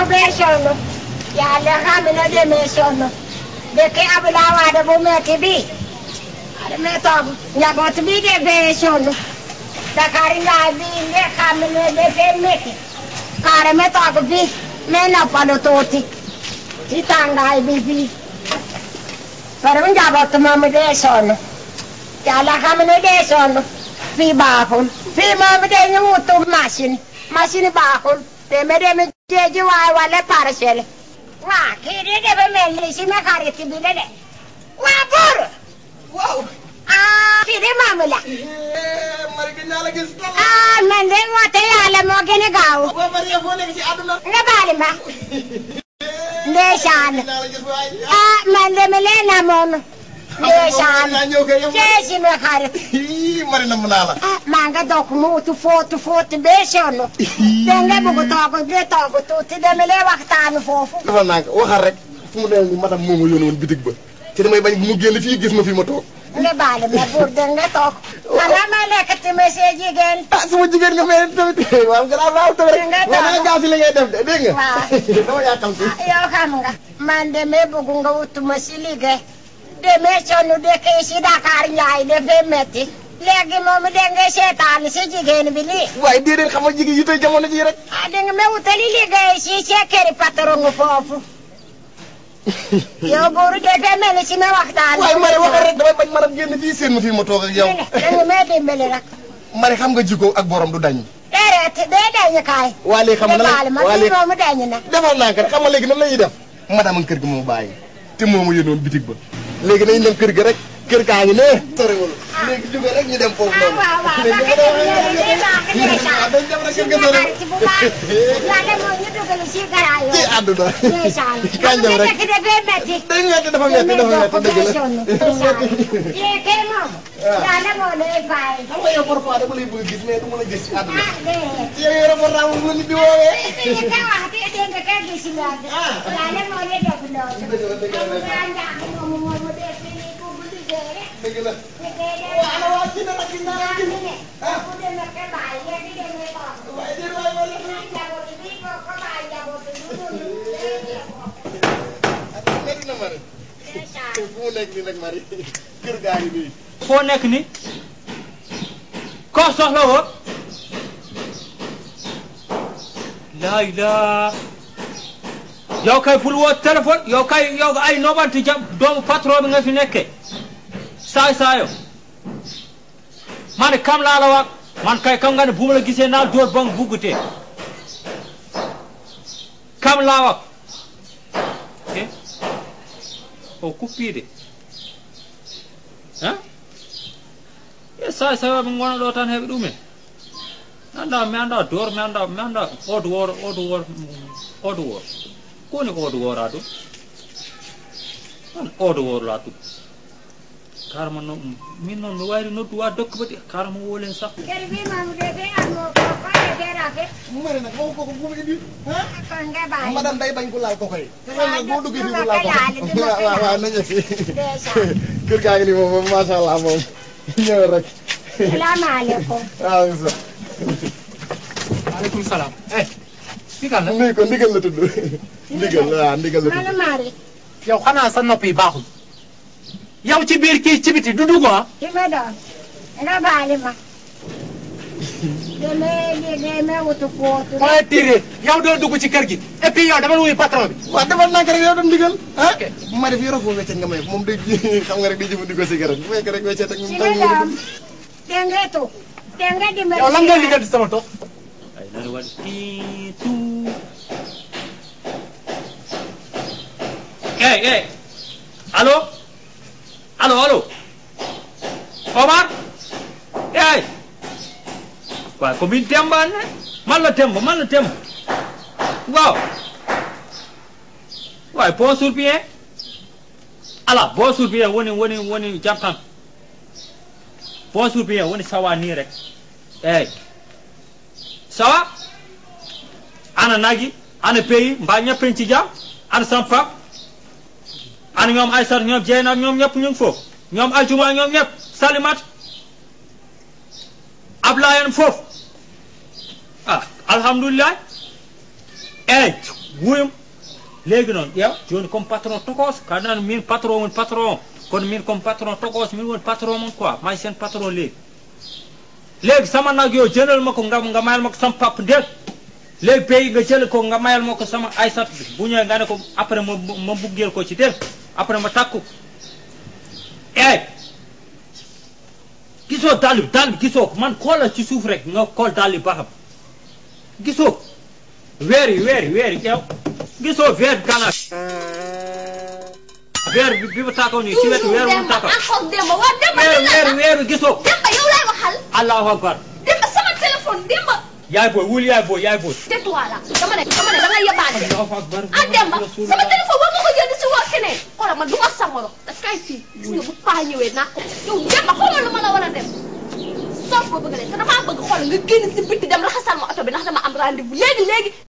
ኦፕሬሽን ያለኻ ምን ደመሶም ደቂ አብላዋ ደቦ መትቢ አርመቶም ኛቦት ቢ ደበሶሉ ደካሪና ቢ ሌካ ምን ደፌሜክ ካረመጣቅ ቢ መናፓሎቶቲ ቲታንጋይ ቢ ቢ ፈርም ጃቦት መምደሶሉ ያለኻ ምን ደሶሉ ፊ ባኹን ፊ መምደኝ ውቱ ማሽን ማሽን ባኹን ደመደም DIY ولا بارسل وا كيري ده بملي شي ما خارج بلله وابور واو كيري معمولا مرقنا على قسطه اه من ده واتي على موجن قاو ومريا فولك شي عدنا نبالي ما ليشان اه من ده ملينا مون ليشان ليشي ما خارج kii mari na mu naa la ah, maa dook muutu fóotu fóotu bee sonn da nga bëgg toog de toog tuuti demi lee waxtaanu foofu dafa naa waxal rek fu mu dee a ba te damay gis ma fii ma toog nga baal ma buur de nga toog man damaa nekk ci monsieur jigéen ah sama jigéen nga may tamit waaw nga daan ma tamit nga toog nga gaaw si li ngay def de dégg nga waaw ah, xam nga man demee bëgg nga wutuma si liggéey demee sonn dëkk yi si Dakar Njaay dafay metti léegi moom dégg nga seetaan si jigéen bi lii. waaye déedéet xam nga jigéen yu tey jamono ji rek. ah dégg nga ma wutali liggéey si ceekeri patron foofu. yow buuru defee mel si ma waxtaan. waaye bañ maanaam génn fii seen ma fii ma toog ak yow. dégg nga may dimbali rek. Marie xam nga jikko ak borom du dañ. déedéet day dañu kaay. waa xam nga lan la waa léegi dañu ma dañu na. defal naa xam nga léegi nan la ñuy def. madame kër gi moo bàyyi te moomu yónnoon bitig ba léegi nañ dem kër gi rek kër kaa ngi nee गेलं आणि वाटते ना नक्की ना नक्की वायदे बाय मला लग्न मारे फोन ऐकली लग मारी फिर गाडी बी फोन ऐकली का सहला हो لا إله يا كاي فلوت تلفون يا كاي يا أي نوبة تجاب دوم فترة من في نكه saay saayo man kam laa la man kay kam nga ne buma la gisee na door ba nga kam laa o kuppiide ah ya saay sayo ɓe gona do tan heɓe ɗumen nanda annda mi annda door mi annda mi annda odo wooro odo wooro odo wooro koni odo woora an la tu xaaral ma no min noon mi wayri noddu waa dokk ba di xaaral ma sax kër bi moom mu mere nag moo ko ko bu mu indi ah, kon nga bàyyi madame day bañ ku laal ko koy boo duggee fii ku laal ko waaw waaw sax waaleykum salaam eh, ndigal la nii ko ndigal la tudd ndigal la yow xanaa sa nopp yi baaxul yow ci biir kii ci biti du dugg ah. ki ma doon rabaali ma. léegi demee wutu kootu. mooy tiré yow doo dugg ci kër gi et puis yow dama wuyu patron bi. waaw dafa nànk rek yow doon digal. ah ma def yoroo foofu weccet nga may moom de xam nga rek day jëfandikoo si garab bu fekk rek weccet ak. ci la doom dengetu denge dimbali. yow nga di sama toog. ay nar wan tiitu. eh eh allo. Alo, alo. Omar. Yaay. Waaw ko min tembaani rek. Man la temb, man la temb. Waaw. Waay bon sourpien. Ala, bon sourpien woni woni woni jamkan. Bon sourpien woni sawa ni rek. Eey. Sawa? Ana nagi, ana peyi, mba ñappen ci jam, ana sam an ñoom ay sar ñoom jey naag ñoom ñëpp ñu ngi foofu ñoom ay juma ñoom ñëpp salimat ab laayeen foofu ah alhamdulilah eh, wuyum léegi noon ƴeew joni comme patron tokos kanan min patron woni patron kono min comme patron tokos min woni patron mon quoi may sen patron léegi léegi sama nag yo jëlal ma ko nga nga mayal ma ko sama pap ndéeg léegi pays nga jël ko nga mayal ma ko sama ay bi bu ñëwee nga ne ko après ma ma buggeel ci déeg après ma tàkku eey gisoo dàll bi dàll bi gisoo ko man xoolal ci suuf rek nga xool dàll bi ba xam gisoo weer yi weer yi weer yi yow gisoo weer bi gànnaar weer bi bi mu tàkkoon nii ci wetu weer mu tàkkoon weer weer bi gisoo Demba yow laay waxal allahu akbar Demba sama téléphone Demba yaay booy wul yaay booy yaay booy tais-toi là dama ne dama ne da nga yebaate ah Demba sama téléphone war nga ko dara man du ma sa morom daf kay fii gis nga bu paa ñëwee naa ko yow xoolal ma la war a dem soog ko bëgg leen te damaa bëgg xool nga génn si bitti dem raxasal ma oto bi ndax dama am rendez-vous léegi léegi